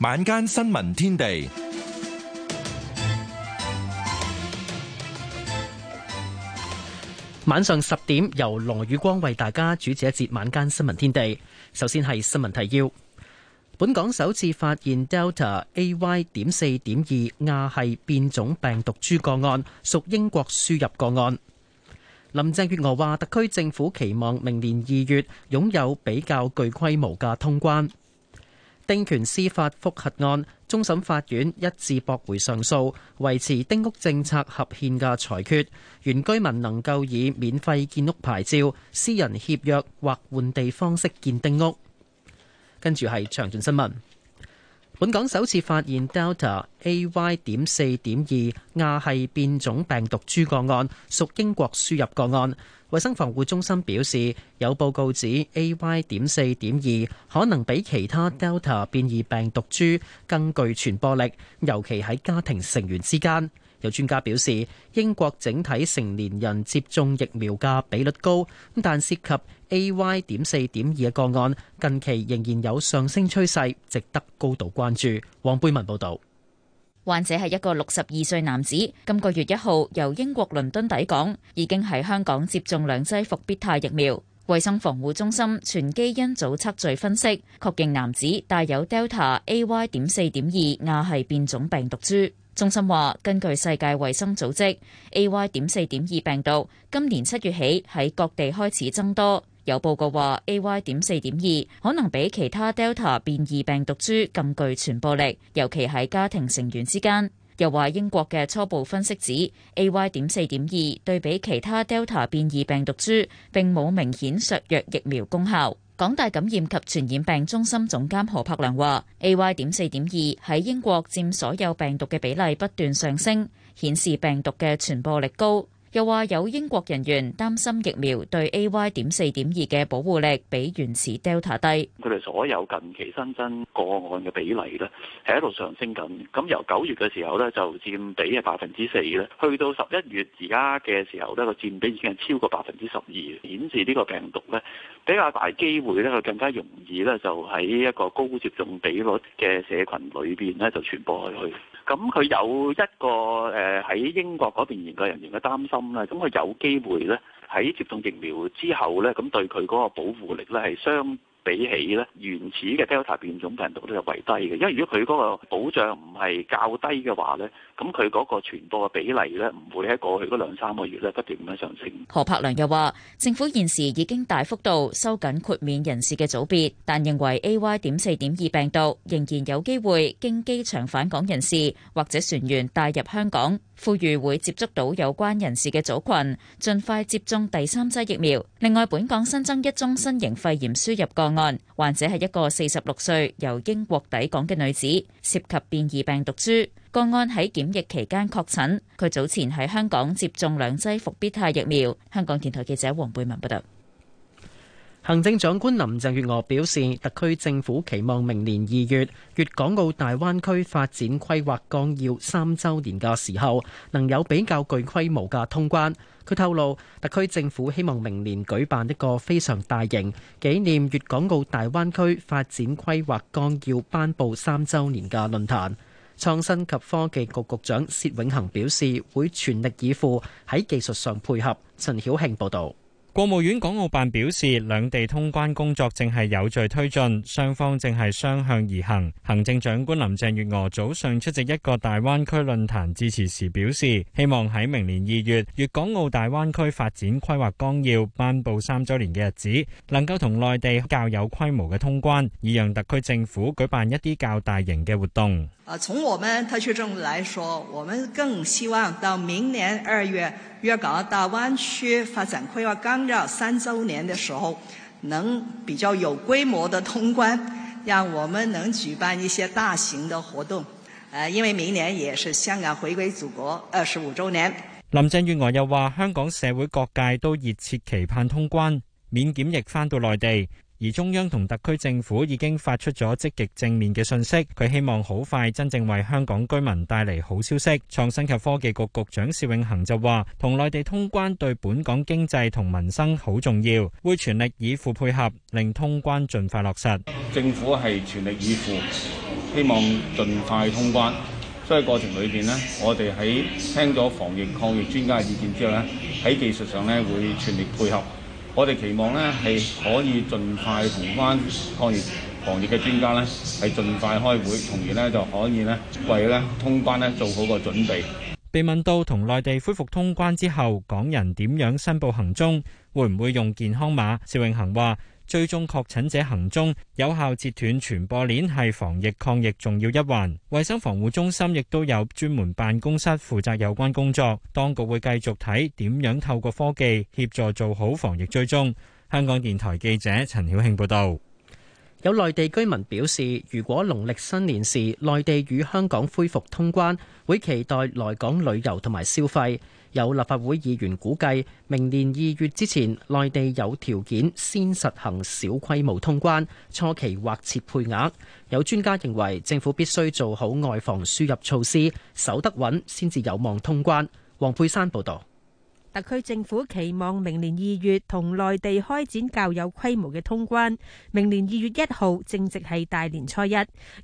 晚間新聞天地，晚上十點由羅宇光為大家主持一節晚間新聞天地。首先係新聞提要：本港首次發現 Delta AY 點四點二亞系變種病毒株個案，屬英國輸入個案。林鄭月娥話，特區政府期望明年二月擁有比較具規模嘅通關。丁權司法複核案，終審法院一致駁回上訴，維持丁屋政策合憲嘅裁決。原居民能夠以免費建屋牌照，私人協約或換地方式建丁屋。跟住係詳盡新聞。本港首次發現 Delta AY 點四點二亞系變種病毒株個案，屬英國輸入個案。衛生防護中心表示，有報告指 A.Y. 點四點二可能比其他 Delta 變異病毒株更具傳播力，尤其喺家庭成員之間。有專家表示，英國整體成年人接種疫苗嘅比率高，但涉及 A.Y. 點四點二嘅個案，近期仍然有上升趨勢，值得高度關注。黃貝文報道。患者係一個六十二歲男子，今個月一號由英國倫敦抵港，已經喺香港接種兩劑伏必泰疫苗。衞生防護中心全基因組測序分析，確認男子帶有 Delta AY 點四點二亞系變種病毒株。中心話，根據世界衞生組織，AY 點四點二病毒今年七月起喺各地開始增多。有報告話，AY. 點四點二可能比其他 Delta 變異病毒株更具傳播力，尤其係家庭成員之間。又話英國嘅初步分析指，AY. 點四點二對比其他 Delta 變異病毒株並冇明顯削弱疫苗功效。港大感染及傳染病中心總監何柏良話，AY. 點四點二喺英國佔所有病毒嘅比例不斷上升，顯示病毒嘅傳播力高。又話有英國人員擔心疫苗對 AY. 點四點二嘅保護力比原始 Delta 低。佢哋所有近期新增個案嘅比例咧，係一度上升緊。咁由九月嘅時候咧，就佔比係百分之四咧，去到十一月而家嘅時候咧，個佔比已經係超過百分之十二，顯示呢個病毒咧比較大機會咧，佢更加容易咧就喺一個高接種比率嘅社群裏邊咧就傳播開去。咁佢有一個誒喺，呃、英國嗰邊研究人員嘅擔心咧，咁佢有機會咧喺接種疫苗之後咧，咁對佢嗰個保護力咧係相比起咧原始嘅 Delta 變種病毒都有為低嘅，因為如果佢嗰個保障唔係較低嘅話咧，咁佢嗰個傳播嘅比例咧唔會喺過去嗰兩三個月咧不斷咁樣上升。何柏良又話：政府現時已經大幅度收緊豁免人士嘅組別，但認為 AY 點四點二病毒仍然有機會經機場返港人士或者船員帶入香港。呼籲會接觸到有關人士嘅組群，盡快接種第三劑疫苗。另外，本港新增一宗新型肺炎輸入個案，患者係一個四十六歲由英國抵港嘅女子，涉及變異病毒株。個案喺檢疫期間確診，佢早前喺香港接種兩劑復必泰疫苗。香港電台記者黃貝文報道。行政長官林鄭月娥表示，特區政府期望明年二月，粵港澳大灣區發展規劃綱要三週年嘅時候，能有比較具規模嘅通關。佢透露，特區政府希望明年舉辦一個非常大型紀念粵港澳大灣區發展規劃綱要頒布三週年嘅論壇。創新及科技局局局長薛永恆表示，會全力以赴喺技術上配合。陳曉慶報導。國務院港澳辦表示，兩地通關工作正係有序推進，雙方正係雙向而行。行政長官林鄭月娥早上出席一個大灣區論壇致辭時表示，希望喺明年二月，粵港澳大灣區發展規劃綱要頒布三週年嘅日子，能夠同內地較有規模嘅通關，以讓特區政府舉辦一啲較大型嘅活動。啊，從我們特區政府來說，我們更希望到明年二月。粵港澳大灣區發展規劃綱要三周年的時候，能比較有規模的通關，讓我們能舉辦一些大型的活動。呃，因為明年也是香港回歸祖國二十五周年。林鄭月娥又話，香港社會各界都熱切期盼通關免檢疫返到內地。而中央同特區政府已經發出咗積極正面嘅訊息，佢希望好快真正為香港居民帶嚟好消息。創新及科技局局,局長邵永恆就話：，同內地通關對本港經濟同民生好重要，會全力以赴配合，令通關盡快落實。政府係全力以赴，希望盡快通關。所以過程裏邊呢，我哋喺聽咗防疫抗疫專家嘅意見之後呢，喺技術上呢會全力配合。我哋期望呢，係可以盡快同返抗疫行業嘅專家呢，係盡快開會，從而呢，就可以呢為咧通關呢做好個準備。被問到同內地恢復通關之後，港人點樣申報行蹤，會唔會用健康碼？邵永恆話。追蹤確診者行蹤，有效截斷傳播鏈，係防疫抗疫重要一環。衞生防護中心亦都有專門辦公室負責有關工作。當局會繼續睇點樣透過科技協助做好防疫追蹤。香港電台記者陳曉慶報導。有內地居民表示，如果農曆新年時內地與香港恢復通關，會期待來港旅遊同埋消費。有立法會議員估計，明年二月之前，內地有條件先實行小規模通關，初期或設配額。有專家認為，政府必須做好外防輸入措施，守得穩先至有望通關。黃佩珊報導。特區政府期望明年二月同內地開展較有規模嘅通關。明年二月一號正值係大年初一，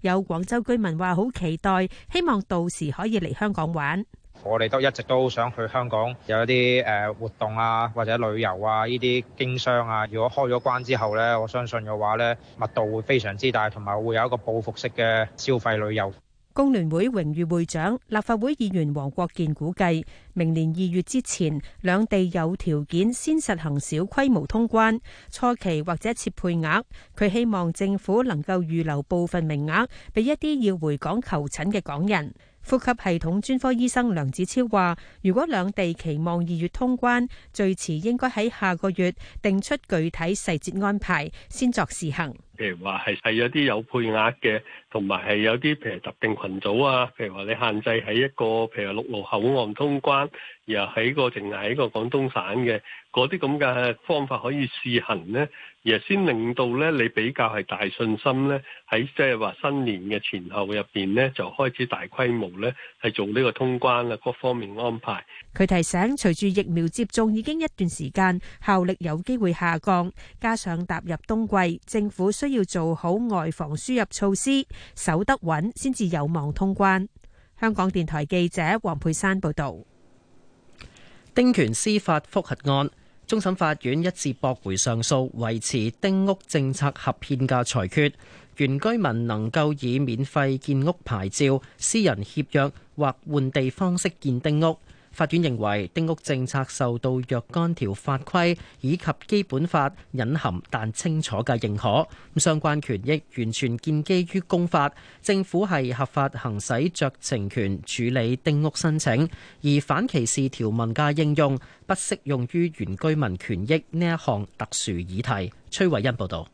有廣州居民話好期待，希望到時可以嚟香港玩。我哋都一直都想去香港，有一啲誒活動啊，或者旅遊啊，呢啲經商啊。如果開咗關之後咧，我相信嘅話咧，密度會非常之大，同埋會有一個報復式嘅消費旅遊。工聯會榮譽會長、立法會議員黃國健估計，明年二月之前，兩地有條件先實行小規模通關，初期或者設配額，佢希望政府能夠預留部分名額俾一啲要回港求診嘅港人。呼吸系統專科醫生梁子超話，如果兩地期望二月通關，最遲應該喺下個月定出具體細節安排，先作試行。譬如話係係有啲有配額嘅，同埋係有啲譬如特定群組啊，譬如話你限制喺一個譬如陸路口岸通關，又喺個淨係喺個廣東省嘅嗰啲咁嘅方法可以試行呢。而係先令到咧你比較係大信心咧，喺即係話新年嘅前後入邊呢，就開始大規模咧係做呢個通關啊各方面安排。佢提醒，隨住疫苗接種已經一段時間，效力有機會下降，加上踏入冬季，政府需要要做好外防輸入措施，守得穩先至有望通關。香港電台記者黃佩珊報道。丁權司法覆核案，終審法院一致駁回上訴，維持丁屋政策合憲嘅裁決。原居民能夠以免費建屋牌照、私人協約或換地方式建丁屋。法院認為，丁屋政策受到若干條法規以及基本法隱含但清楚嘅認可，相關權益完全建基於公法，政府係合法行使酌情權處理丁屋申請，而反歧視條文嘅應用不適用於原居民權益呢一項特殊議題。崔慧恩報導。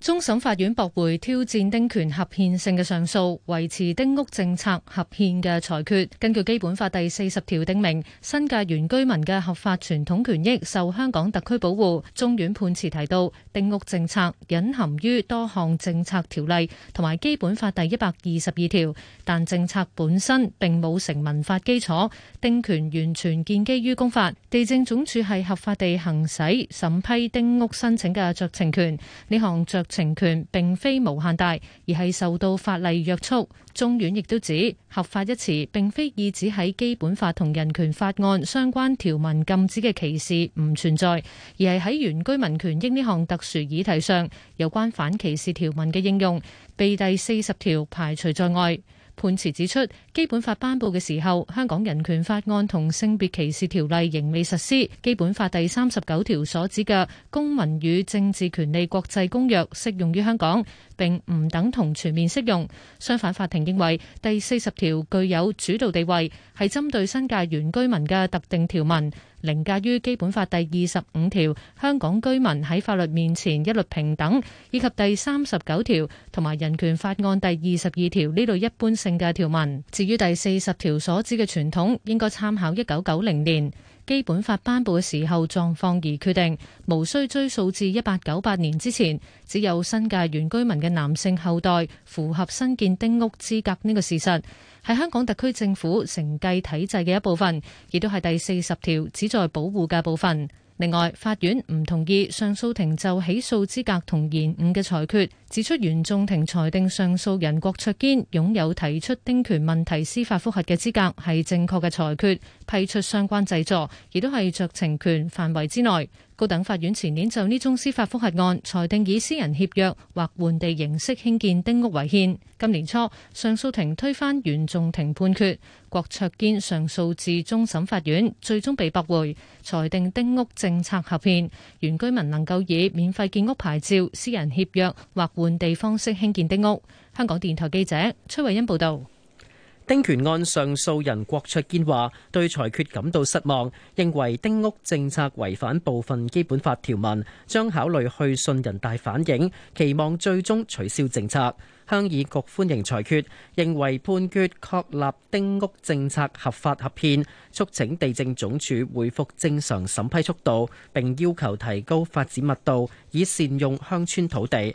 終審法院駁回挑戰丁權合憲性嘅上訴，維持丁屋政策合憲嘅裁決。根據《基本法》第四十條訂明，新界原居民嘅合法傳統權益受香港特區保護。中院判詞提到，丁屋政策隱含於多項政策條例同埋《基本法》第一百二十二條，但政策本身並冇成文法基礎。丁權完全建基於公法，地政總署係合法地行使審批丁屋申請嘅酌情權。呢項酌情權並非無限大，而係受到法例約束。中院亦都指，合法一詞並非意指喺基本法同人權法案相關條文禁止嘅歧視唔存在，而係喺原居民權益呢項特殊議題上，有關反歧視條文嘅應用被第四十條排除在外。判詞指出，基本法頒布嘅時候，香港《人權法案》同《性別歧視條例》仍未實施。基本法第三十九條所指嘅《公民與政治權利國際公約》適用於香港，並唔等同全面適用。相反，法庭認為第四十條具有主導地位，係針對新界原居民嘅特定條文。凌駕於《基本法》第二十五條，香港居民喺法律面前一律平等，以及第三十九條同埋《人權法案》第二十二條呢類一般性嘅條文。至於第四十條所指嘅傳統，應該參考一九九零年，基本法頒布嘅時候狀況而決定，無需追溯至一八九八年之前，只有新界原居民嘅男性後代符合新建丁屋資格呢個事實，係香港特區政府承繼體制嘅一部分，亦都係第四十條旨在保護嘅部分。另外，法院唔同意上訴庭就起訴資格同延誤嘅裁決，指出原訟庭裁定上訴人郭卓堅擁有提出丁權問題司法覆核嘅資格係正確嘅裁決，批出相關濟助，亦都係酌情權範圍之內。高等法院前年就呢宗司法覆核案裁定，以私人協約或換地形式興建丁屋為限。今年初，上訴庭推翻原訟庭判決，郭卓堅上訴至終審法院，最終被駁回，裁定丁屋政策合憲，原居民能夠以免費建屋牌照、私人協約或換地方式興建丁屋。香港電台記者崔慧欣報道。丁權案上訴人郭卓堅話：對裁決感到失望，認為丁屋政策違反部分基本法條文，將考慮去信人大反映，期望最終取消政策。鄉議局歡迎裁決，認為判決確立丁屋政策合法合憲，促請地政總署回復正常審批速度，並要求提高發展密度，以善用鄉村土地。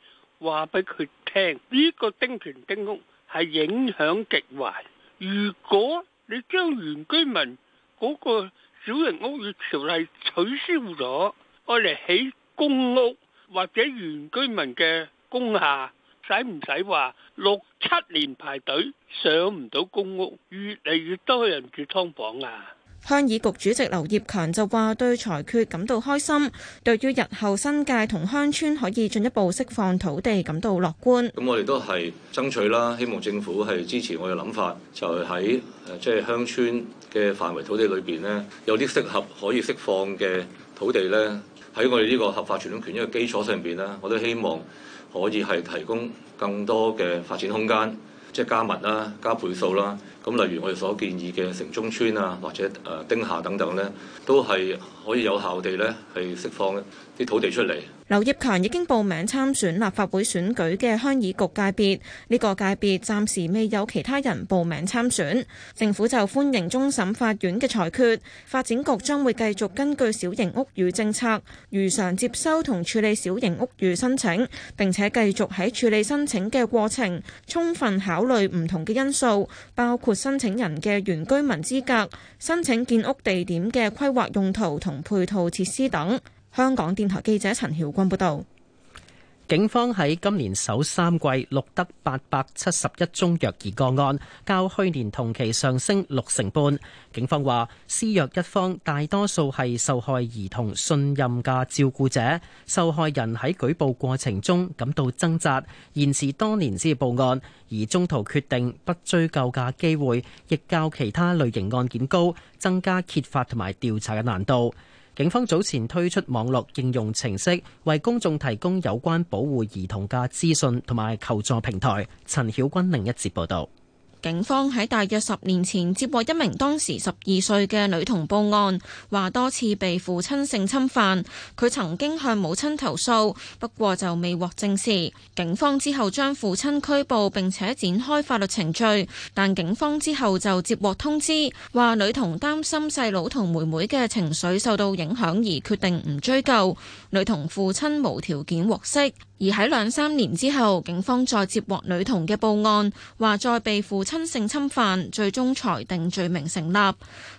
話俾佢聽，呢、這個丁權丁屋係影響極壞。如果你將原居民嗰個小型屋宇條例取消咗，愛嚟起公屋或者原居民嘅公廈，使唔使話六七年排隊，上唔到公屋，越嚟越多人住劏房啊！鄉議局主席劉業強就話：對裁決感到開心，對於日後新界同鄉村可以進一步釋放土地感到樂觀。咁我哋都係爭取啦，希望政府係支持我嘅諗法，就喺誒即係鄉村嘅範圍土地裏邊呢，有啲適合可以釋放嘅土地呢。喺我哋呢個合法傳統權益嘅基礎上邊呢，我都希望可以係提供更多嘅發展空間，即係加密啦、加倍數啦。咁例如我哋所建議嘅城中村啊，或者呃丁下等等呢，都係可以有效地呢，係釋放啲土地出嚟。劉業強已經報名參選立法會選舉嘅鄉議局界別，呢個界別暫時未有其他人報名參選。政府就歡迎終審法院嘅裁決，發展局將會繼續根據小型屋宇政策，如常接收同處理小型屋宇申請，並且繼續喺處理申請嘅過程，充分考慮唔同嘅因素，包括申請人嘅原居民資格、申請建屋地點嘅規劃用途同配套設施等。香港電台記者陳曉君報道，警方喺今年首三季錄得八百七十一宗虐兒個案，較去年同期上升六成半。警方話，施虐一方大多數係受害兒童信任嘅照顧者，受害人喺舉報過程中感到掙扎，延遲多年先至報案，而中途決定不追究嘅機會，亦較其他類型案件高，增加揭發同埋調查嘅難度。警方早前推出網絡應用程式，為公眾提供有關保護兒童嘅資訊同埋求助平台。陳曉君另一節報道。警方喺大約十年前接獲一名當時十二歲嘅女童報案，話多次被父親性侵犯。佢曾經向母親投訴，不過就未獲證實。警方之後將父親拘捕，並且展開法律程序。但警方之後就接獲通知，話女童擔心細佬同妹妹嘅情緒受到影響，而決定唔追究。女童父親無條件獲釋，而喺兩三年之後，警方再接獲女童嘅報案，話再被父親性侵犯，最終裁定罪名成立。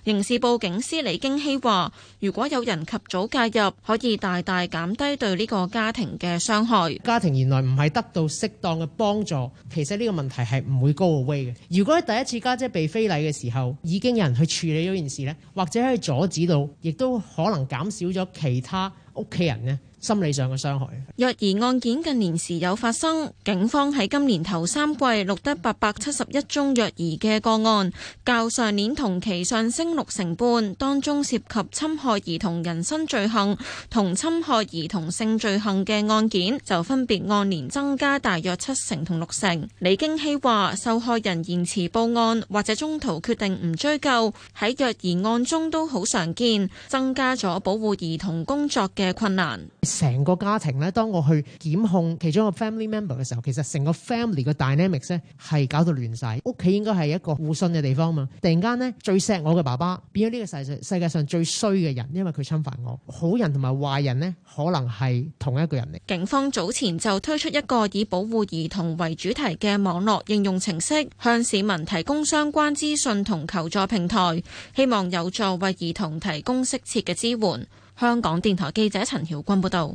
刑事部警司李京熙話，如果有人及早介入，可以大大減低對呢個家庭嘅傷害。家庭原來唔係得到適當嘅幫助，其實呢個問題係唔會 go away 嘅。如果喺第一次家姐被非禮嘅時候已經有人去處理咗件事呢，或者可以阻止到，亦都可能減少咗其他。屋企人呢，心理上嘅傷害。虐兒案件近年時有發生，警方喺今年頭三季錄得八百七十一宗虐兒嘅個案，較上年同期上升六成半。當中涉及侵害兒童人身罪行同侵害兒童性罪行嘅案件，就分別按年增加大約七成同六成。李京希話：受害人延遲報案或者中途決定唔追究，喺虐兒案中都好常見，增加咗保護兒童工作嘅困難。成個家庭咧，當我去檢控其中一個 family member 嘅時候，其實成個 family 嘅 dynamics 咧係搞到亂晒。屋企應該係一個互信嘅地方嘛。突然間呢，最錫我嘅爸爸變咗呢個世世界上最衰嘅人，因為佢侵犯我。好人同埋壞人呢，可能係同一個人嚟。警方早前就推出一個以保護兒童為主題嘅網絡應用程式，向市民提供相關資訊同求助平台，希望有助為兒童提供適切嘅支援。香港電台記者陳曉君報道，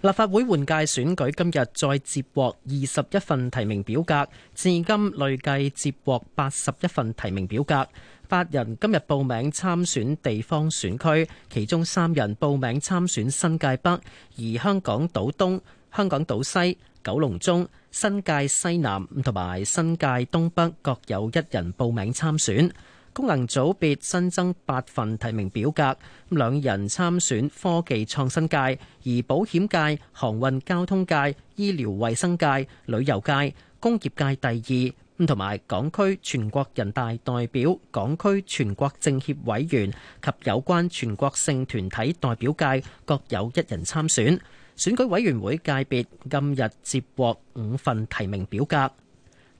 立法會換屆選舉今日再接獲二十一份提名表格，至今累計接獲八十一份提名表格。八人今日報名參選地方選區，其中三人報名參選新界北，而香港島東、香港島西、九龍中、新界西南同埋新界東北各有一人報名參選。功能組別新增八份提名表格，兩人參選科技創新界，而保險界、航運交通界、醫療衛生界、旅遊界、工業界第二，同埋港區全國人大代表、港區全國政協委員及有關全國性團體代表界各有一人參選。選舉委員會界別今日接獲五份提名表格。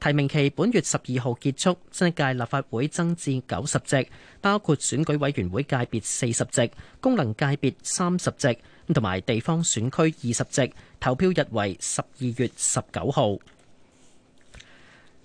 提名期本月十二號結束，新一屆立法會增至九十席，包括選舉委員會界別四十席、功能界別三十席，同埋地方選區二十席。投票日為十二月十九號。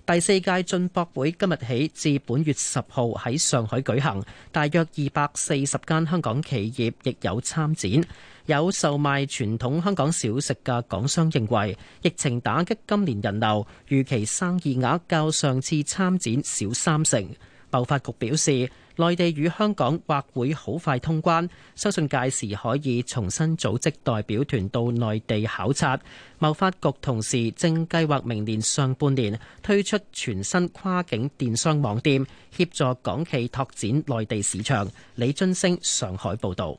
第四屆進博會今日起至本月十號喺上海舉行，大約二百四十間香港企業亦有參展。有售賣傳統香港小食嘅港商認為，疫情打擊今年人流，預期生意額較上次參展少三成。貿發局表示，內地與香港或會好快通關，相信屆時可以重新組織代表團到內地考察。貿發局同時正計劃明年上半年推出全新跨境電商網店，協助港企拓展內地市場。李津升，上海報導。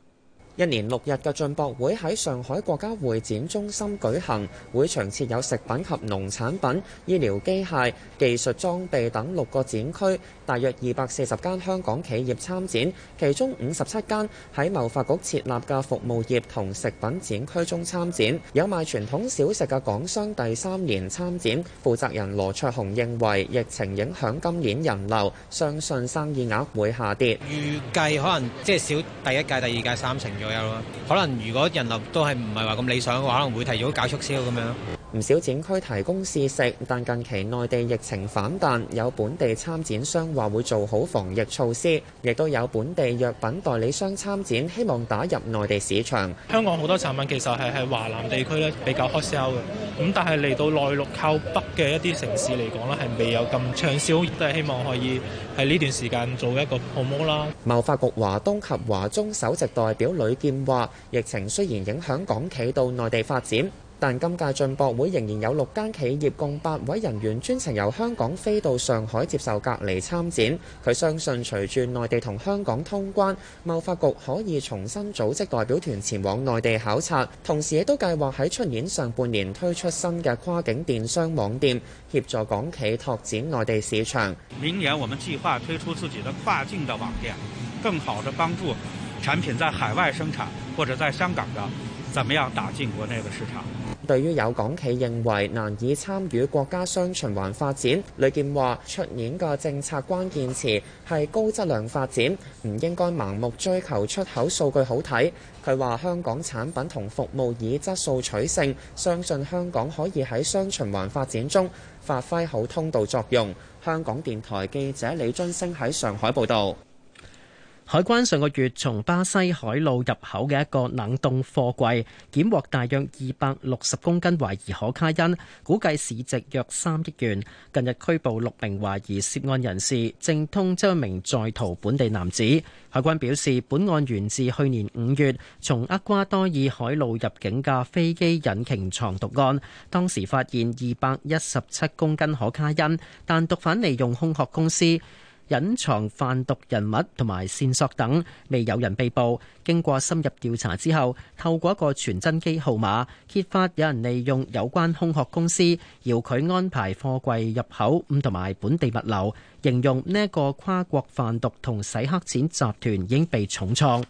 一年六日嘅進博會喺上海國家會展中心舉行，會場設有食品及農產品、醫療機械、技術裝備等六個展區。大約二百四十間香港企業參展，其中五十七間喺貿發局設立嘅服務業同食品展區中參展。有賣傳統小食嘅港商第三年參展，負責人羅卓雄認為疫情影響今年人流，相信生意額會下跌。預計可能即係少第一屆、第二屆三成左右咯。可能如果人流都係唔係話咁理想嘅話，可能會提早搞促銷咁樣。唔少展區提供試食，但近期內地疫情反彈，有本地參展商話會做好防疫措施，亦都有本地藥品代理商參展，希望打入內地市場。香港好多產品其實係喺華南地區咧比較 hot sell 嘅，咁但係嚟到內陸靠北嘅一啲城市嚟講咧，係未有咁暢銷，都係希望可以喺呢段時間做一個 promo 啦。貿發局華東及華中首席代表呂建華：疫情雖然影響港企到內地發展。但今屆進博會仍然有六間企業共八位人員專程由香港飛到上海接受隔離參展。佢相信隨住內地同香港通關，貿發局可以重新組織代表團前往內地考察，同時亦都計劃喺出年上半年推出新嘅跨境電商網店，協助港企拓展內地市場。明年我們計劃推出自己的跨境的網店，更好的幫助產品在海外生產或者在香港的，怎麼樣打進國內的市場。對於有港企認為難以參與國家雙循環發展，李健話出年嘅政策關鍵詞係高質量發展，唔應該盲目追求出口數據好睇。佢話香港產品同服務以質素取勝，相信香港可以喺雙循環發展中發揮好通道作用。香港電台記者李津升喺上海報道。海關上個月從巴西海路入口嘅一個冷凍貨櫃，檢獲大約二百六十公斤懷疑可卡因，估計市值約三億元。近日拘捕六名懷疑涉案人士，正通緝一名在逃本地男子。海關表示，本案源自去年五月從厄瓜多爾海路入境嘅飛機引擎藏毒案，當時發現二百一十七公斤可卡因，但毒販利用空殼公司。隱藏販毒人物同埋線索等，未有人被捕。經過深入調查之後，透過一個傳真機號碼揭發，有人利用有關空殼公司，要佢安排貨櫃入口同埋本地物流，形容呢一個跨國販毒同洗黑錢集團已經被重創。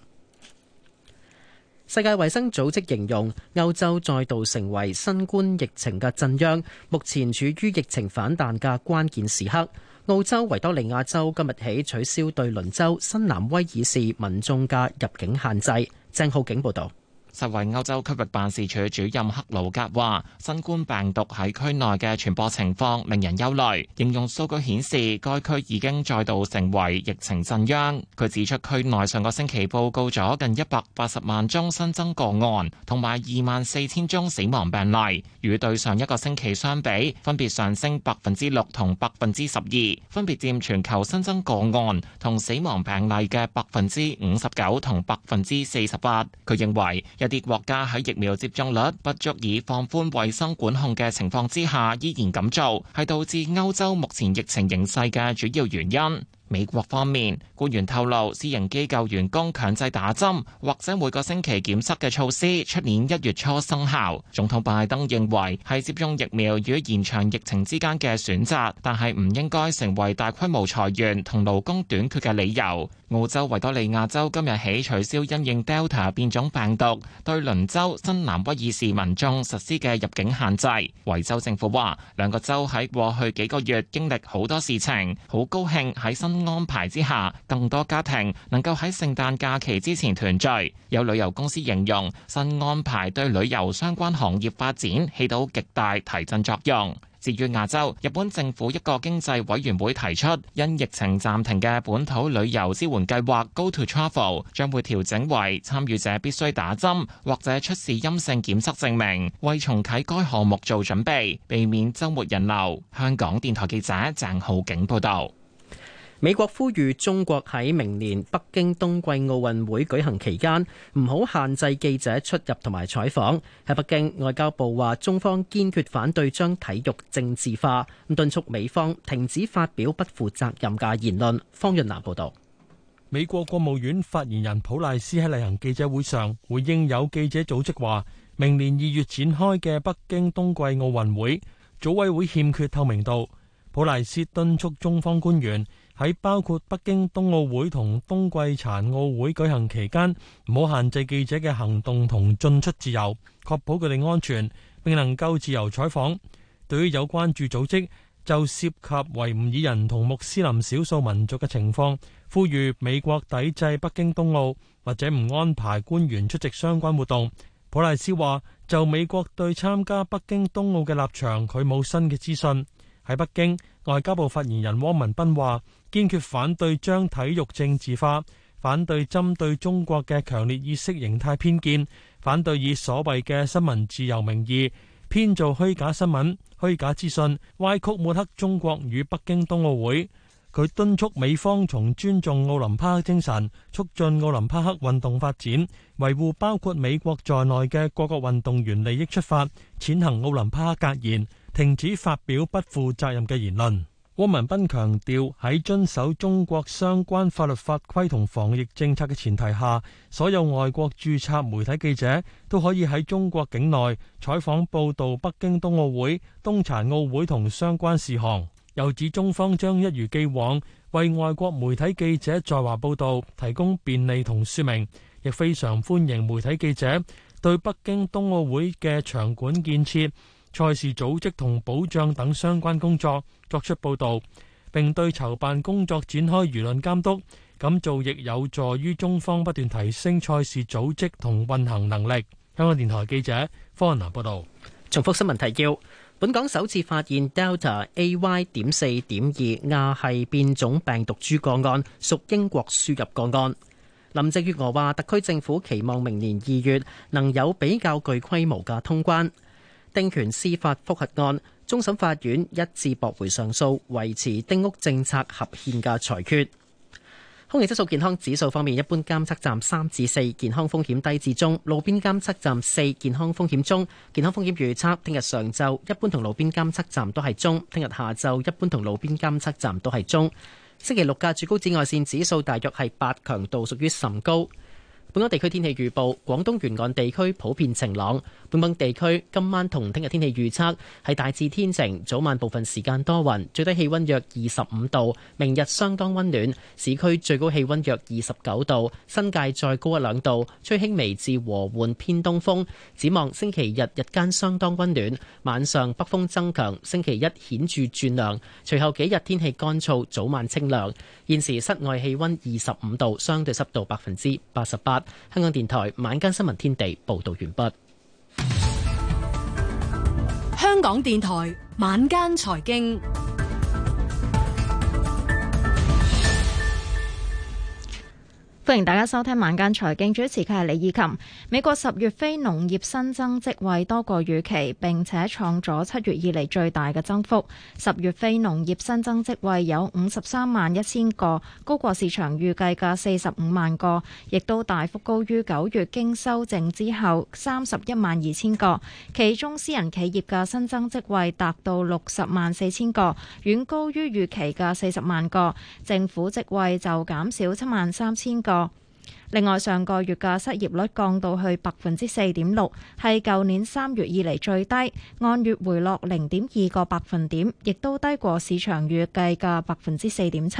世界衛生組織形容歐洲再度成為新冠疫情嘅震央，目前處於疫情反彈嘅關鍵時刻。澳洲維多利亞州今日起取消對鄰州新南威爾士民眾嘅入境限制。鄭浩景報道。世衛歐洲區域辦事處主任克魯格話，新冠病毒喺區內嘅傳播情況令人憂慮。應用數據顯示，該區已經再度成為疫情震央。佢指出，區內上個星期報告咗近一百八十萬宗新增個案，同埋二萬四千宗死亡病例，與對上一個星期相比，分別上升百分之六同百分之十二，分別佔全球新增個案同死亡病例嘅百分之五十九同百分之四十八。佢認為，啲國家喺疫苗接種率不足以放寬衛生管控嘅情況之下，依然咁做，係導致歐洲目前疫情形勢嘅主要原因。美國方面官員透露，私營機構員工強制打針或者每個星期檢測嘅措施，出年一月初生效。總統拜登認為係接種疫苗與延長疫情之間嘅選擇，但係唔應該成為大規模裁員同勞工短缺嘅理由。澳洲維多利亞州今日起取消因應 Delta 變種病毒對鄰州新南威爾士民眾實施嘅入境限制。維州政府話兩個州喺過去幾個月經歷好多事情，好高興喺新安排之下，更多家庭能夠喺聖誕假期之前團聚。有旅遊公司形容新安排對旅遊相關行業發展起到極大提振作用。至於亞洲，日本政府一個經濟委員會提出，因疫情暫停嘅本土旅遊支援計劃 Go To Travel，將會調整為參與者必須打針或者出示陰性檢測證明，為重啟該項目做準備，避免周末人流。香港電台記者鄭浩景報導。美國呼籲中國喺明年北京冬季奧運會舉行期間唔好限制記者出入同埋採訪。喺北京，外交部話中方堅決反對將體育政治化，敦促美方停止發表不負責任嘅言論。方潤南報道。美國國務院發言人普賴斯喺例行記者會上回應有記者組織話，明年二月展開嘅北京冬季奧運會組委會欠缺透明度。普賴斯敦促中方官員。喺包括北京冬奧會同冬季殘奧會舉行期間，唔好限制記者嘅行動同進出自由，確保佢哋安全並能夠自由採訪。對於有關注組織就涉及維吾爾人同穆斯林少數民族嘅情況，呼籲美國抵制北京冬奧或者唔安排官員出席相關活動，普賴斯話就美國對參加北京冬奧嘅立場佢冇新嘅資訊。喺北京，外交部發言人汪文斌話。堅決反對將體育政治化，反對針對中國嘅強烈意識形態偏見，反對以所謂嘅新聞自由名義編造虛假新聞、虛假資訊，歪曲抹黑中國與北京冬奧會。佢敦促美方從尊重奧林匹克精神、促進奧林匹克運動發展、維護包括美國在內嘅各國運動員利益出發，踐行奧林匹克格言，停止發表不負責任嘅言論。汪文斌強調，喺遵守中國相關法律法規同防疫政策嘅前提下，所有外國註冊媒體記者都可以喺中國境內採訪報導北京冬奧會、冬殘奧會同相關事項。又指，中方將一如既往，為外國媒體記者在華報導提供便利同説明，亦非常歡迎媒體記者對北京冬奧會嘅場館建設。賽事組織同保障等相關工作作出報道，並對籌辦工作展開輿論監督，咁做亦有助於中方不斷提升賽事組織同運行能力。香港電台記者方文南報道。重複新聞提要：本港首次發現 Delta AY. 點四點二亞系變種病毒株個案，屬英國輸入個案。林鄭月娥話，特區政府期望明年二月能有比較具規模嘅通關。丁權司法覆核案，終審法院一致駁回上訴，維持丁屋政策合憲嘅裁決。空氣質素健康指數方面，一般監測站三至四，健康風險低至中；路邊監測站四，健康風險中。健康風險預測：聽日上晝一般同路邊監測站都係中；聽日下晝一般同路邊監測站都係中。星期六嘅最高紫外線指數大約係八，強度屬於甚高。本港地區天氣預報：廣東沿岸地區普遍晴朗。本港地區今晚同聽日天氣預測係大致天晴，早晚部分時間多雲，最低氣溫約二十五度。明日相當溫暖，市區最高氣溫約二十九度，新界再高一兩度，吹輕微至和緩偏東風。展望星期日日間相當溫暖，晚上北風增強。星期一顯著轉涼，隨後幾日天氣乾燥，早晚清涼。現時室外氣溫二十五度，相對濕度百分之八十八。香港電台晚間新聞天地報道完畢。香港電台晚間財經。歡迎大家收聽晚間財經，主持嘅係李以琴。美國十月非農業新增職位多過預期，並且創咗七月以嚟最大嘅增幅。十月非農業新增職位有五十三萬一千個，高過市場預計嘅四十五萬個，亦都大幅高於九月經修正之後三十一萬二千個。其中私人企業嘅新增職位達到六十萬四千個，遠高於預期嘅四十萬個。政府職位就減少七萬三千個。另外，上個月嘅失業率降到去百分之四點六，係舊年三月以嚟最低，按月回落零點二個百分點，亦都低過市場預計嘅百分之四點七。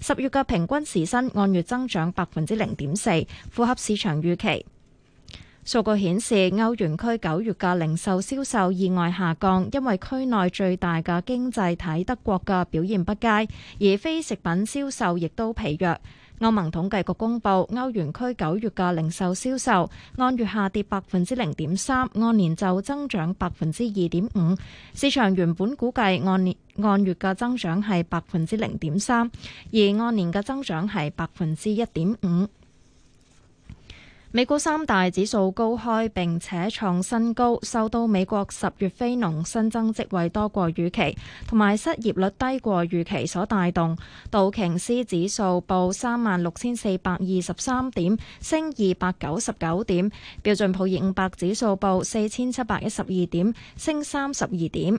十月嘅平均時薪按月增長百分之零點四，符合市場預期。數據顯示，歐元區九月嘅零售銷售意外下降，因為區內最大嘅經濟體德國嘅表現不佳，而非食品銷售亦都疲弱。歐盟統計局公布，歐元區九月嘅零售銷售按月下跌百分之零點三，按年就增長百分之二點五。市場原本估計按年按月嘅增長係百分之零點三，而按年嘅增長係百分之一點五。美股三大指數高開並且創新高，受到美國十月非農新增職位多過預期，同埋失業率低過預期所帶動。道瓊斯指數報三萬六千四百二十三點，升二百九十九點；標準普爾五百指數報四千七百一十二點，升三十二點。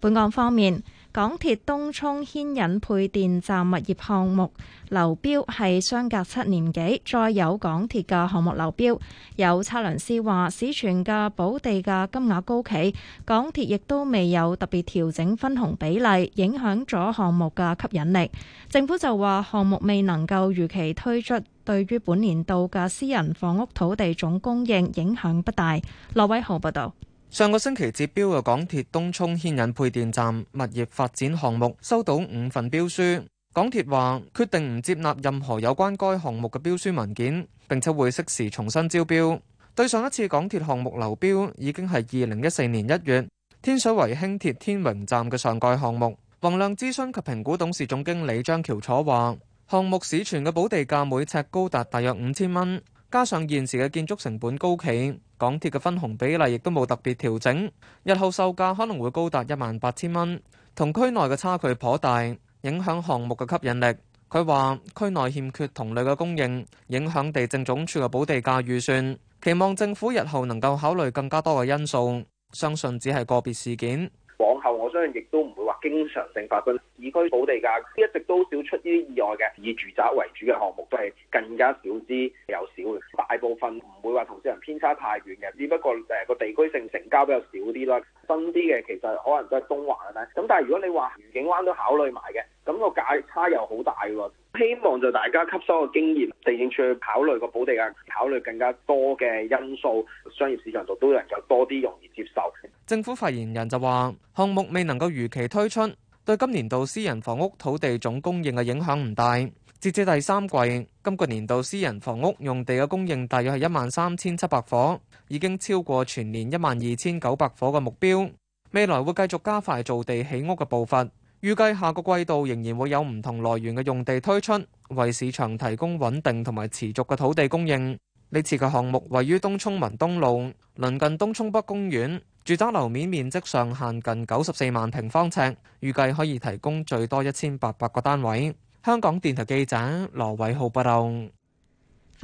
本港方面。港鐵東涌牽引配電站物業項目流標，係相隔七年幾，再有港鐵嘅項目流標，有測量師話市傳嘅補地價金額高企，港鐵亦都未有特別調整分紅比例，影響咗項目嘅吸引力。政府就話項目未能夠如期推出，對於本年度嘅私人房屋土地總供應影響不大。羅偉豪報道。上個星期截標嘅港鐵東涌牽引配電站物業發展項目收到五份標書，港鐵話決定唔接納任何有關該項目嘅標書文件，並且會適時重新招標。對上一次港鐵項目流標已經係二零一四年一月，天水圍輕鐵天榮站嘅上蓋項目，宏亮諮詢及評估董事總經理張橋楚話，項目市傳嘅補地價每尺高達大約五千蚊。加上現時嘅建築成本高企，港鐵嘅分紅比例亦都冇特別調整，日後售價可能會高達一萬八千蚊，同區內嘅差距頗大，影響項目嘅吸引力。佢話區內欠缺同類嘅供應，影響地政總署嘅補地價預算，期望政府日後能夠考慮更加多嘅因素，相信只係個別事件。往後我相信亦都唔會話經常性發生，市區土地價，一直都少出呢啲意外嘅，以住宅為主嘅項目都係更加少之又少嘅，大部分唔會話同市場偏差太遠嘅，只不過誒個地區性成交比較少啲啦。新啲嘅其實可能都係東環嘅啦，咁但係如果你話愉景灣都考慮埋嘅，咁個價差又好大喎。希望就大家吸收個經驗，地政處考慮個補地價啊，考慮更加多嘅因素，商業市場度都能夠多啲容易接受。政府發言人就話，項目未能夠如期推出，對今年度私人房屋土地總供應嘅影響唔大。截至第三季，今個年度私人房屋用地嘅供應大約係一萬三千七百伙。已經超過全年一萬二千九百伙嘅目標，未來會繼續加快造地起屋嘅步伐。預計下個季度仍然會有唔同來源嘅用地推出，為市場提供穩定同埋持續嘅土地供應。呢次嘅項目位於東涌文東路，鄰近東涌北公園，住宅樓面面積上限近九十四萬平方尺，預計可以提供最多一千八百個單位。香港電台記者羅偉浩報道。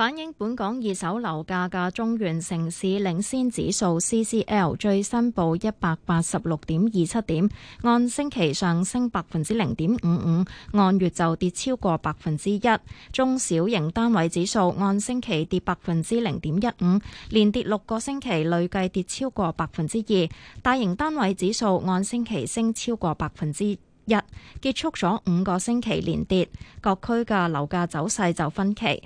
反映本港二手樓價嘅中原城市領先指數 （CCL） 最新報一百八十六點二七點，按星期上升百分之零點五五，按月就跌超過百分之一。中小型單位指數按星期跌百分之零點一五，連跌六個星期，累計跌超過百分之二。大型單位指數按星期升超過百分之一，結束咗五個星期連跌。各區嘅樓價走勢就分歧。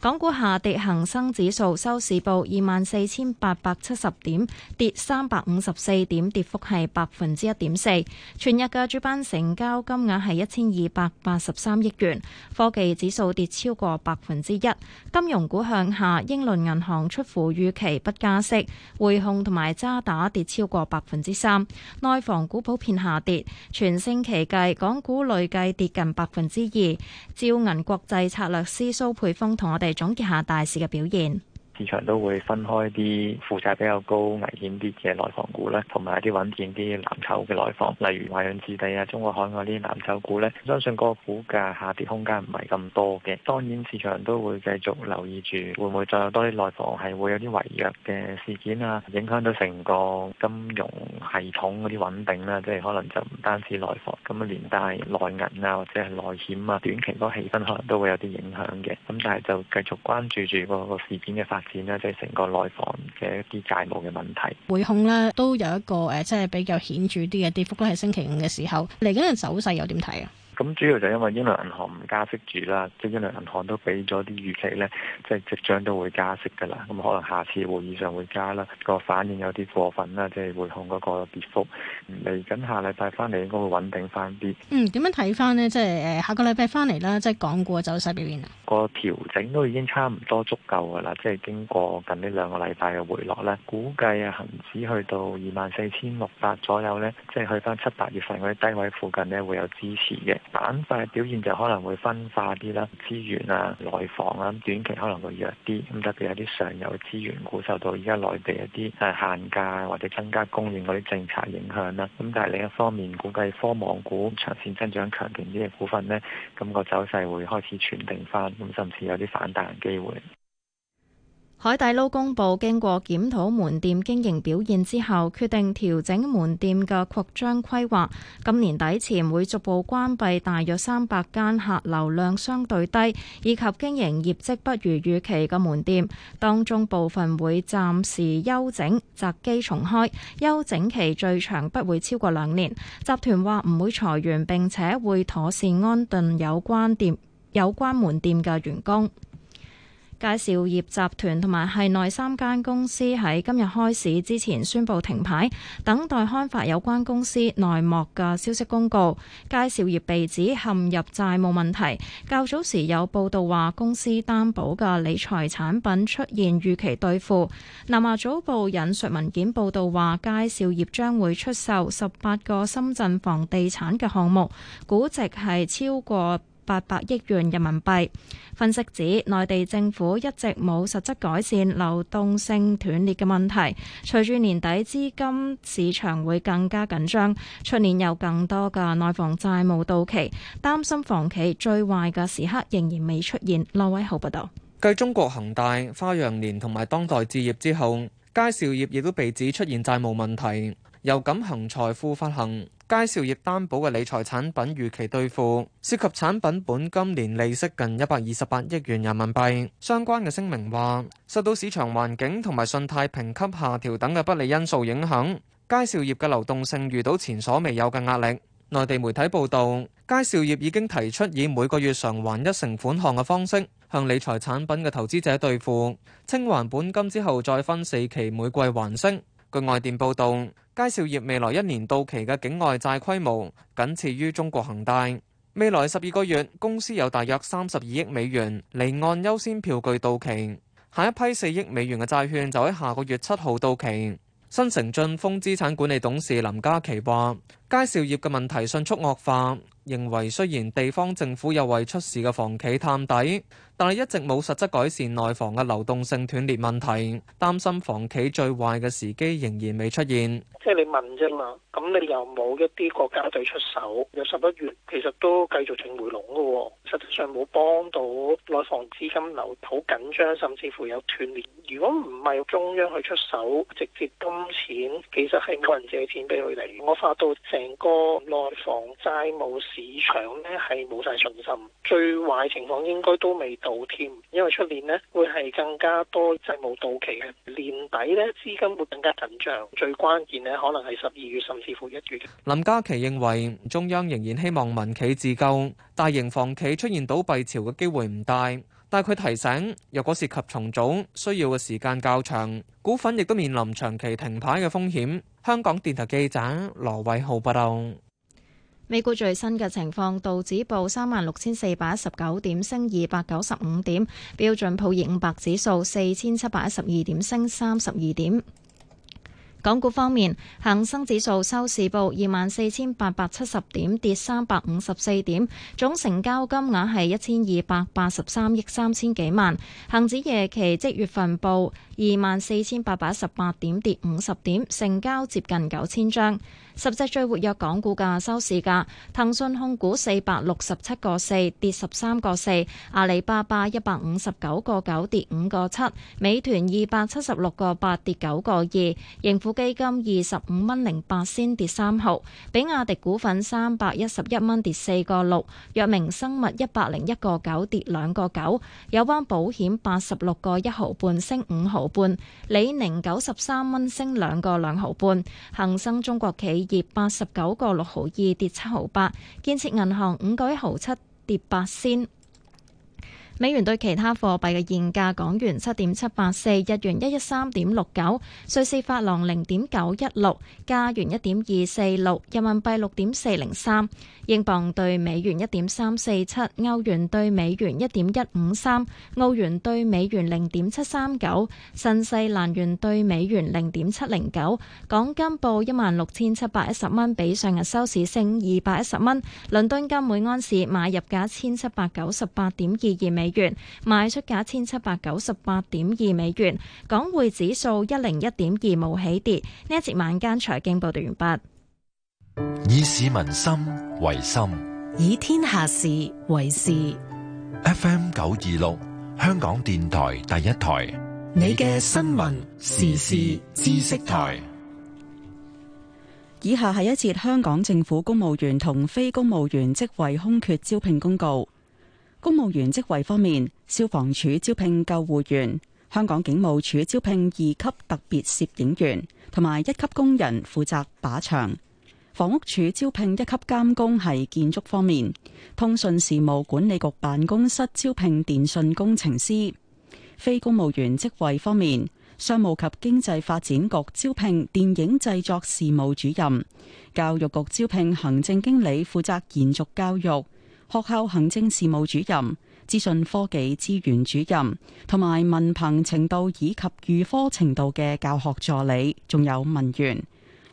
港股下跌，恒生指數收市報二萬四千八百七十點，跌三百五十四點，跌幅係百分之一點四。全日嘅主板成交金額係一千二百八十三億元。科技指數跌超過百分之一，金融股向下，英倫銀行出乎預期不加息，匯控同埋渣打跌超過百分之三。內房股普遍下跌，全星期計，港股累計跌近百分之二。招銀國際策略師蘇佩峰同我哋。總結下大市嘅表現。市場都會分開啲負債比較高、危險啲嘅內房股咧，同埋啲穩健啲藍籌嘅內房，例如華潤置地啊、中國海外啲藍籌股咧，相信個股價下跌空間唔係咁多嘅。當然市場都會繼續留意住，會唔會再有多啲內房係會有啲違約嘅事件啊，影響到成個金融系統嗰啲穩定啦、啊。即係可能就唔單止內房，咁啊連帶內銀啊或者係內險啊，短期個氣氛可能都會有啲影響嘅。咁但係就繼續關注住個個事件嘅發片咧，即係成個內房嘅一啲債務嘅問題。匯控咧，都有一個誒，即係比較顯著啲嘅跌幅咧，係星期五嘅時候。嚟緊嘅走勢又點睇啊？咁主要就因為英倫銀行唔加息住啦，即係英倫銀行都俾咗啲預期咧，即係即，即將都會加息噶啦。咁可能下次會議上會加啦，個反應有啲過分啦，即係匯控嗰個跌幅嚟緊下禮拜翻嚟應該會穩定翻啲。嗯，點樣睇翻咧？即係誒下個禮拜翻嚟啦，即係港股走勢表現。個調整都已經差唔多足夠噶啦，即係經過近呢兩個禮拜嘅回落咧，估計啊，恒指去到二萬四千六百左右咧，即係去翻七八月份嗰啲低位附近咧，會有支持嘅。板塊表現就可能會分化啲啦，資源啊、內房啊，短期可能會弱啲。咁特別有啲上游資源股受到而家內地一啲係限價或者增加供應嗰啲政策影響啦。咁但係另一方面，估計科網股長線增長強勁啲嘅股份呢，咁個走勢會開始轉定翻，咁甚至有啲反彈機會。海底撈公佈，經過檢討門店經營表現之後，決定調整門店嘅擴張規劃。今年底前會逐步關閉大約三百間客流量相對低以及經營業績不如預期嘅門店，當中部分會暫時休整，擇機重開。休整期最長不會超過兩年。集團話唔會裁員，並且會妥善安頓有關店有關門店嘅員工。佳兆業集團同埋係內三間公司喺今日開市之前宣布停牌，等待刊發有關公司內幕嘅消息公告。佳兆業被指陷入債務問題，較早時有報道話公司擔保嘅理財產品出現逾期兌付。南華早報引述文件報道話，佳兆業將會出售十八個深圳房地產嘅項目，估值係超過。八百億元人民幣。分析指，內地政府一直冇實質改善流動性斷裂嘅問題，隨住年底資金市場會更加緊張，出年有更多嘅內房債務到期，擔心房企最壞嘅時刻仍然未出現。羅偉豪報道，繼中國恒大、花樣年同埋當代置業之後，佳兆業亦都被指出現債務問題。由錦恒財富發行佳兆業擔保嘅理財產品逾期兌付，涉及產品本金連利息近一百二十八億元人民幣。相關嘅聲明話，受到市場環境同埋信貸評級下調等嘅不利因素影響，佳兆業嘅流動性遇到前所未有嘅壓力。內地媒體報道，佳兆業已經提出以每個月償還一成款項嘅方式，向理財產品嘅投資者兌付，清還本金之後再分四期每季還息。據外電報道。佳兆業未來一年到期嘅境外債規模僅次於中國恒大。未來十二個月，公司有大約三十二億美元離岸優先票據到期，下一批四億美元嘅債券就喺下個月七號到期。新城進豐資產管理董事林家琪話。佳兆業嘅問題迅速惡化，認為雖然地方政府有為出事嘅房企探底，但係一直冇實質改善內房嘅流動性斷裂問題，擔心房企最壞嘅時機仍然未出現，即係你問啫嘛，咁你又冇一啲國家隊出手。有十一月其實都繼續整回籠嘅喎，實際上冇幫到內房資金流好緊張，甚至乎有斷裂。如果唔係中央去出手直接金錢，其實係冇人借錢俾佢哋。我發到。成個內房債務市場呢係冇晒信心，最壞情況應該都未到添，因為出年呢會係更加多債務到期嘅，年底呢資金會更加緊張，最關鍵呢可能係十二月甚至乎一月。林嘉琪認為中央仍然希望民企自救，大型房企出現倒閉潮嘅機會唔大，但係佢提醒，若果涉及重組，需要嘅時間較長，股份亦都面臨長期停牌嘅風險。香港電台記者羅偉浩報道：美股最新嘅情況，道指報三萬六千四百一十九點，升二百九十五點；標準普爾五百指數四千七百一十二點，升三十二點。港股方面，恒生指數收市報二萬四千八百七十點，跌三百五十四點，總成交金額係一千二百八十三億三千幾萬。恒指夜期即月份報。二萬四千八百十八點，跌五十點，成交接近九千張。十隻最活躍港股嘅收市價：騰訊控股四百六十七個四，跌十三個四；阿里巴巴一百五十九個九，跌五個七；美團二百七十六個八，跌九個二；盈富基金二十五蚊零八仙，跌三毫；比亞迪股份三百一十一蚊，跌四個六；藥明生物一百零一個九，跌兩個九；友邦保險八十六個一毫半，升五毫。半李寧九十三蚊升兩個兩毫半，恒生中國企業八十九個六毫二跌七毫八，建設銀行五個一毫七跌八仙。美元對其他貨幣嘅現價：港元七點七八四，日元一一三點六九，瑞士法郎零點九一六，加元一點二四六，人民幣六點四零三，英鎊對美元一點三四七，歐元對美元一點一五三，澳元對美元零點七三九，新西蘭元對美元零點七零九。港金報一萬六千七百一十蚊，比上日收市升二百一十蚊。倫敦金每安士買入價一千七百九十八點二二美。美元賣出價一千七百九十八點二美元，港匯指數一零一點二冇起跌。呢一節晚間財經報道完畢。以市民心為心，以天下事為事。FM 九二六，香港電台第一台，你嘅新聞時事知識台。以下係一節香港政府公務員同非公務員職位空缺招聘公告。公務員職位方面，消防處招聘救護員；香港警務處招聘二級特別攝影員，同埋一級工人負責靶場；房屋處招聘一級監工係建築方面；通訊事務管理局辦公室招聘電信工程師。非公務員職位方面，商務及經濟發展局招聘電影製作事務主任；教育局招聘行政經理負責延續教育。學校行政事務主任、資訊科技資源主任、同埋文憑程度以及預科程度嘅教學助理，仲有文員。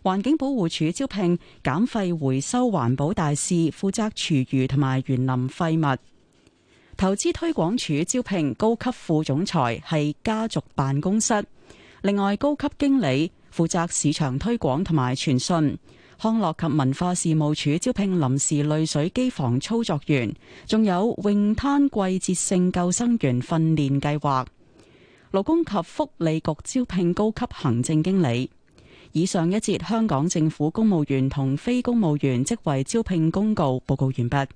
環境保護署招聘減廢回收環保大使，負責廚餘同埋園林廢物。投資推廣署招聘高級副總裁，係家族辦公室。另外，高級經理負責市場推廣同埋傳訊。康樂及文化事務署招聘臨時濾水機房操作員，仲有泳灘季節性救生員訓練計劃。勞工及福利局招聘高級行政經理。以上一節香港政府公務員同非公務員職位招聘公告報告完畢。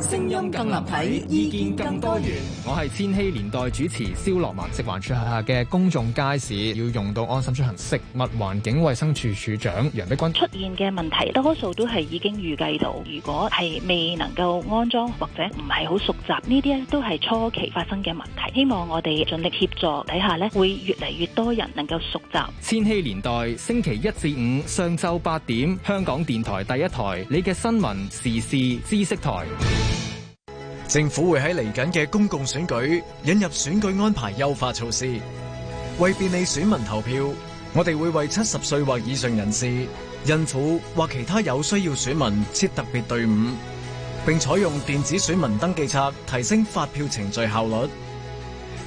聲音更立體，意見更多元。我係千禧年代主持蕭樂文，食環署轄下嘅公眾街市要用到安心出行。食物環境衛生署署長楊碧君。出現嘅問題多數都係已經預計到，如果係未能夠安裝或者唔係好熟習，呢啲咧都係初期發生嘅問題。希望我哋盡力協助底下咧，會越嚟越多人能夠熟習。千禧年代，星期一至五上晝八點，香港電台第一台，你嘅新聞時事知識台。政府會喺嚟緊嘅公共選舉引入選舉安排優化措施，為便利選民投票，我哋會為七十歲或以上人士、孕婦或其他有需要選民設特別隊伍，並採用電子選民登記冊，提升發票程序效率。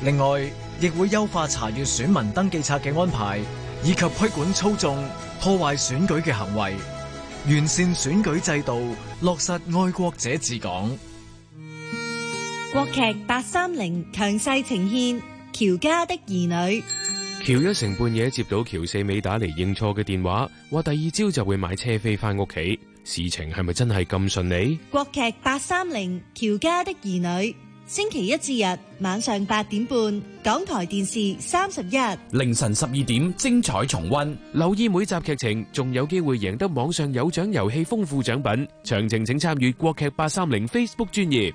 另外，亦會優化查閱選民登記冊嘅安排，以及規管操縱、破壞選舉嘅行為。完善選舉制度，落實愛國者治港。國劇八三零強勢呈現《喬家的兒女》。喬一成半夜接到喬四美打嚟認錯嘅電話，話第二朝就會買車飛返屋企。事情係咪真係咁順利？國劇八三零《喬家的兒女》。星期一至日晚上八點半，港台電視三十一，凌晨十二點精彩重温。留意每集劇情，仲有機會贏得網上有獎遊戲豐富獎品。詳情請參與國劇八三零 Facebook 專頁。